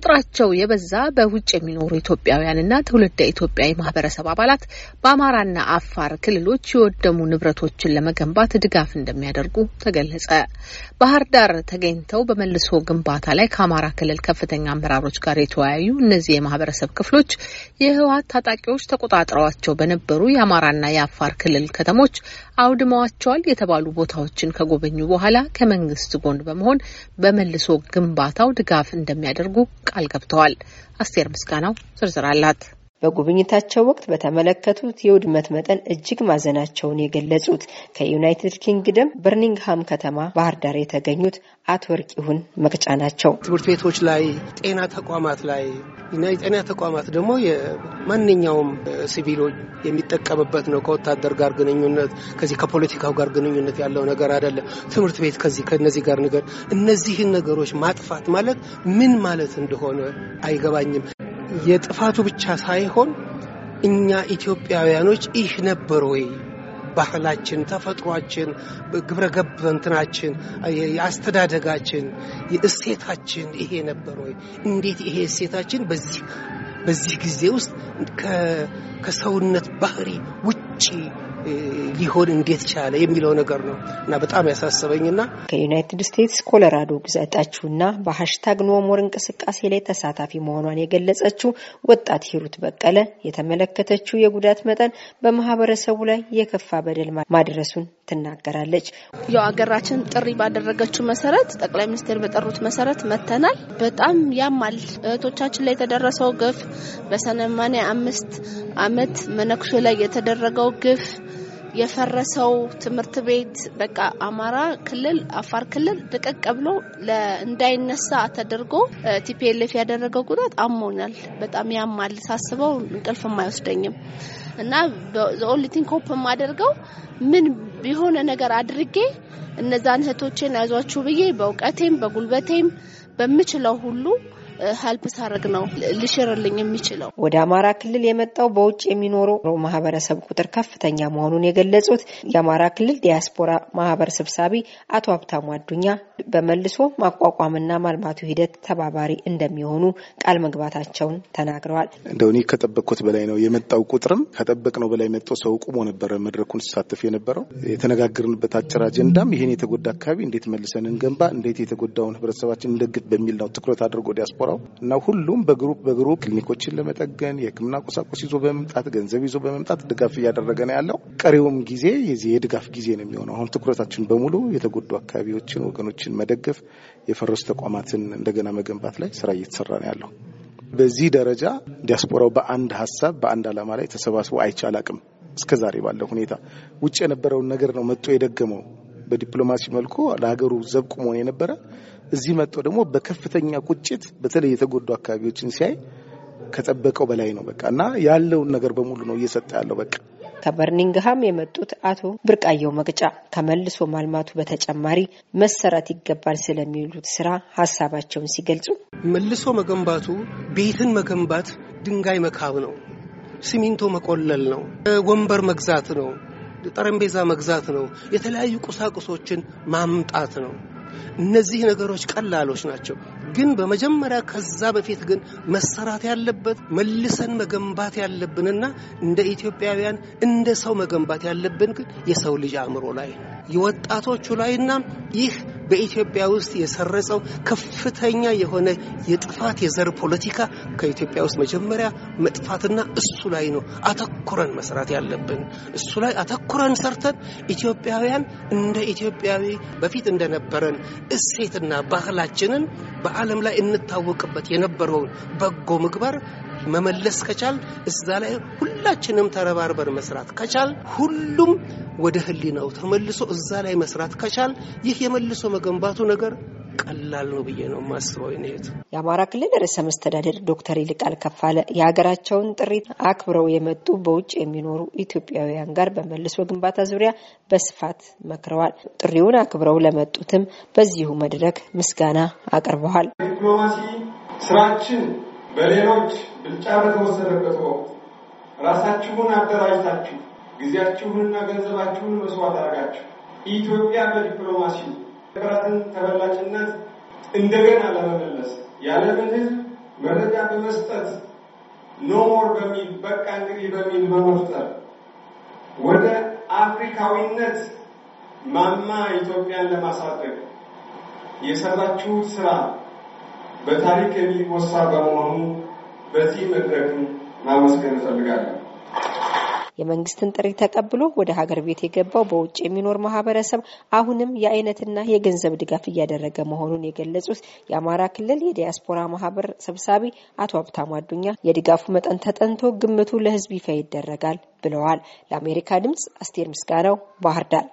ቁጥራቸው የበዛ በውጭ የሚኖሩ ኢትዮጵያውያንና ትውልደ ኢትዮጵያዊ ማህበረሰብ አባላት በአማራና አፋር ክልሎች የወደሙ ንብረቶችን ለመገንባት ድጋፍ እንደሚያደርጉ ተገለጸ። ባህር ዳር ተገኝተው በመልሶ ግንባታ ላይ ከአማራ ክልል ከፍተኛ አመራሮች ጋር የተወያዩ እነዚህ የማህበረሰብ ክፍሎች የህወሀት ታጣቂዎች ተቆጣጥረዋቸው በነበሩ የአማራና የአፋር ክልል ከተሞች አውድመዋቸዋል የተባሉ ቦታዎችን ከጎበኙ በኋላ ከመንግስት ጎን በመሆን በመልሶ ግንባታው ድጋፍ እንደሚያደርጉ ቃል ገብተዋል። አስቴር ምስጋናው ዝርዝር አላት። በጉብኝታቸው ወቅት በተመለከቱት የውድመት መጠን እጅግ ማዘናቸውን የገለጹት ከዩናይትድ ኪንግደም በርኒንግሃም ከተማ ባህር ዳር የተገኙት አቶ ወርቅሁን መቅጫ ናቸው። ትምህርት ቤቶች ላይ፣ ጤና ተቋማት ላይ እና የጤና ተቋማት ደግሞ ማንኛውም ሲቪሎች የሚጠቀምበት ነው። ከወታደር ጋር ግንኙነት ከዚህ ከፖለቲካው ጋር ግንኙነት ያለው ነገር አይደለም። ትምህርት ቤት ከዚህ ከነዚህ ጋር ነገር እነዚህን ነገሮች ማጥፋት ማለት ምን ማለት እንደሆነ አይገባኝም። የጥፋቱ ብቻ ሳይሆን እኛ ኢትዮጵያውያኖች ይህ ነበር ወይ ባህላችን፣ ተፈጥሯችን፣ ግብረ ገብ እንትናችን፣ የአስተዳደጋችን፣ የእሴታችን ይሄ ነበር ወይ? እንዴት ይሄ እሴታችን በዚህ ጊዜ ውስጥ ከሰውነት ባህሪ ውጭ ውጪ ሊሆን እንዴት ቻለ የሚለው ነገር ነው እና በጣም ያሳሰበኝና ከዩናይትድ ስቴትስ ኮሎራዶ ግዛጣችሁና በሀሽታግ ኖሞር እንቅስቃሴ ላይ ተሳታፊ መሆኗን የገለጸችው ወጣት ሂሩት በቀለ የተመለከተችው የጉዳት መጠን በማህበረሰቡ ላይ የከፋ በደል ማድረሱን ትናገራለች። ያው አገራችን ጥሪ ባደረገችው መሰረት ጠቅላይ ሚኒስትር በጠሩት መሰረት መተናል። በጣም ያማል። እህቶቻችን ላይ የተደረሰው ግፍ በሰማንያ አምስት አመት መነኩሴ ላይ የተደረገው የተፈጸመው ግፍ የፈረሰው ትምህርት ቤት በቃ አማራ ክልል፣ አፋር ክልል ድቅቅ ብሎ እንዳይነሳ ተደርጎ ቲፒኤልኤፍ ያደረገው ጉዳት አሞኛል። በጣም ያማል። ሳስበው እንቅልፍም አይወስደኝም እና ኦንሊቲን ኮፕ የማደርገው ምን የሆነ ነገር አድርጌ እነዛን እህቶቼን አይዟችሁ ብዬ በእውቀቴም በጉልበቴም በምችለው ሁሉ ሀልፕ ሳረግ ነው ልሽርልኝ የሚችለው። ወደ አማራ ክልል የመጣው በውጭ የሚኖረው ማህበረሰብ ቁጥር ከፍተኛ መሆኑን የገለጹት የአማራ ክልል ዲያስፖራ ማህበር ሰብሳቢ አቶ ሀብታሙ አዱኛ በመልሶ ማቋቋምና ማልማቱ ሂደት ተባባሪ እንደሚሆኑ ቃል መግባታቸውን ተናግረዋል። እንደው ከጠበቅኩት በላይ ነው የመጣው። ቁጥርም ከጠበቅነው በላይ መጥቶ ሰው ቁሞ ነበረ መድረኩን ሲሳተፍ የነበረው። የተነጋገርንበት አጭር አጀንዳም ይህን የተጎዳ አካባቢ እንዴት መልሰን እንገንባ፣ እንዴት የተጎዳውን ህብረተሰባችን እንደግፍ በሚል ነው ትኩረት አድርጎ ዲያስፖራ የሚኖረው እና ሁሉም በግሩፕ በግሩፕ ክሊኒኮችን ለመጠገን የህክምና ቁሳቁስ ይዞ በመምጣት ገንዘብ ይዞ በመምጣት ድጋፍ እያደረገ ነው ያለው። ቀሪውም ጊዜ የዚህ የድጋፍ ጊዜ ነው የሚሆነው። አሁን ትኩረታችን በሙሉ የተጎዱ አካባቢዎችን፣ ወገኖችን መደገፍ፣ የፈረሱ ተቋማትን እንደገና መገንባት ላይ ስራ እየተሰራ ነው ያለው። በዚህ ደረጃ ዲያስፖራው በአንድ ሀሳብ በአንድ ዓላማ ላይ ተሰባስቦ አይቻል አቅም እስከ ዛሬ ባለው ሁኔታ ውጭ የነበረውን ነገር ነው መጥቶ የደገመው። በዲፕሎማሲ መልኩ ለሀገሩ ዘብ ቁሞ የነበረ እዚህ መጥተው ደግሞ በከፍተኛ ቁጭት በተለይ የተጎዱ አካባቢዎችን ሲያይ ከጠበቀው በላይ ነው። በቃ እና ያለውን ነገር በሙሉ ነው እየሰጠ ያለው በቃ ከበርኒንግሃም የመጡት አቶ ብርቃየው መቅጫ ከመልሶ ማልማቱ በተጨማሪ መሰራት ይገባል ስለሚሉት ስራ ሀሳባቸውን ሲገልጹ መልሶ መገንባቱ ቤትን መገንባት ድንጋይ መካብ ነው፣ ሲሚንቶ መቆለል ነው፣ ወንበር መግዛት ነው፣ ጠረጴዛ መግዛት ነው፣ የተለያዩ ቁሳቁሶችን ማምጣት ነው። እነዚህ ነገሮች ቀላሎች ናቸው። ግን በመጀመሪያ ከዛ በፊት ግን መሰራት ያለበት መልሰን መገንባት ያለብንና እንደ ኢትዮጵያውያን እንደ ሰው መገንባት ያለብን ግን የሰው ልጅ አእምሮ ላይ የወጣቶቹ ላይና ይህ በኢትዮጵያ ውስጥ የሰረጸው ከፍተኛ የሆነ የጥፋት የዘር ፖለቲካ ከኢትዮጵያ ውስጥ መጀመሪያ መጥፋትና እሱ ላይ ነው አተኩረን መስራት ያለብን። እሱ ላይ አተኩረን ሰርተን ኢትዮጵያውያን እንደ ኢትዮጵያዊ በፊት እንደነበረን እሴትና ባህላችንን በዓለም ላይ እንታወቅበት የነበረውን በጎ ምግባር መመለስ ከቻል እዛ ላይ ሁላችንም ተረባርበር መስራት ከቻል ሁሉም ወደ ህሊናው ተመልሶ እዛ ላይ መስራት ከቻል ይህ የመልሶ መገንባቱ ነገር ቀላል ነው ብዬ ነው ማስበው። ይነት የአማራ ክልል ርዕሰ መስተዳደር ዶክተር ይልቃል ከፋለ የሀገራቸውን ጥሪ አክብረው የመጡ በውጭ የሚኖሩ ኢትዮጵያውያን ጋር በመልሶ ግንባታ ዙሪያ በስፋት መክረዋል። ጥሪውን አክብረው ለመጡትም በዚሁ መድረክ ምስጋና አቅርበዋል። ዲፕሎማሲ ስራችን በሌሎች ብልጫ በተወሰደበት ወቅት ራሳችሁን አደራጅታችሁ ጊዜያችሁንና ገንዘባችሁን መስዋዕት አድርጋችሁ ኢትዮጵያ በዲፕሎማሲ ጥረትን ተበላጭነት እንደገና ለመመለስ ያለምን ህዝብ መረጃ በመስጠት ኖሞር በሚል በቃ እንግዲህ በሚል በመፍጠር ወደ አፍሪካዊነት ማማ ኢትዮጵያን ለማሳደግ የሰራችሁት ስራ በታሪክ የሚወሳ በመሆኑ በዚህ መድረክም ማመስገን እፈልጋለሁ። የመንግስትን ጥሪ ተቀብሎ ወደ ሀገር ቤት የገባው በውጭ የሚኖር ማህበረሰብ አሁንም የአይነትና የገንዘብ ድጋፍ እያደረገ መሆኑን የገለጹት የአማራ ክልል የዲያስፖራ ማህበር ሰብሳቢ አቶ ሀብታሙ አዱኛ የድጋፉ መጠን ተጠንቶ ግምቱ ለህዝብ ይፋ ይደረጋል ብለዋል። ለአሜሪካ ድምጽ አስቴር ምስጋናው ባህር ዳር